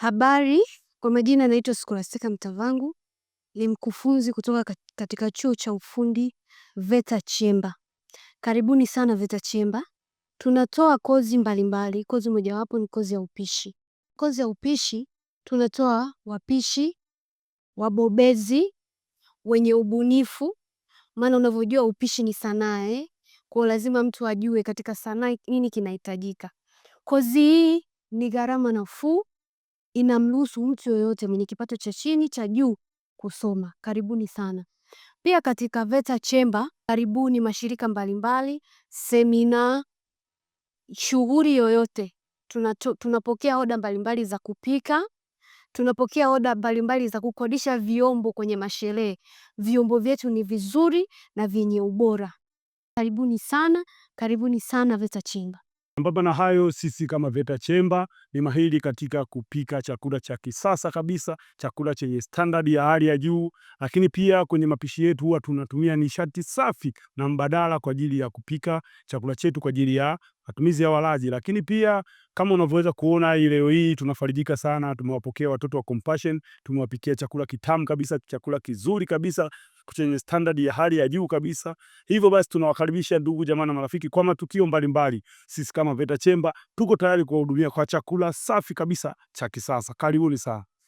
Habari, kwa majina naitwa Scholastica Mtavangu, ni mkufunzi kutoka katika chuo cha ufundi VETA Chemba. Karibuni sana VETA Chemba. Tunatoa kozi mbalimbali. Kozi mojawapo ni kozi ya upishi. Kozi ya upishi tunatoa wapishi wabobezi wenye ubunifu, maana unavyojua upishi ni sanaa eh? Kwa lazima mtu ajue katika sanaa nini kinahitajika. Kozi hii ni gharama nafuu inamruhusu mtu yoyote mwenye kipato cha chini, cha juu kusoma. Karibuni sana. Pia katika VETA chemba karibuni mashirika mbalimbali, semina, shughuli yoyote. Tunato, tunapokea oda mbalimbali za kupika, tunapokea oda mbalimbali za kukodisha vyombo kwenye masherehe. Vyombo vyetu ni vizuri na vyenye ubora. Karibuni sana, karibuni sana VETA chemba Sambamba na hayo, sisi kama VETA chemba ni mahiri katika kupika chakula cha kisasa kabisa, chakula chenye standard ya hali ya juu, lakini pia kwenye mapishi yetu huwa tunatumia nishati safi na mbadala kwa ajili ya kupika chakula chetu kwa ajili ya matumizi ya walaji, lakini pia kama unavyoweza kuona leo hii tunafarijika sana, tumewapokea watoto wa Compassion, tumewapikia chakula kitamu kabisa, chakula kizuri kabisa chenye standard ya hali ya juu kabisa. Hivyo basi tunawakaribisha ndugu jamaa na marafiki kwa matukio mbalimbali. Sisi kama Veta chemba tuko tayari kuwahudumia kwa chakula safi kabisa cha kisasa. Karibuni sana.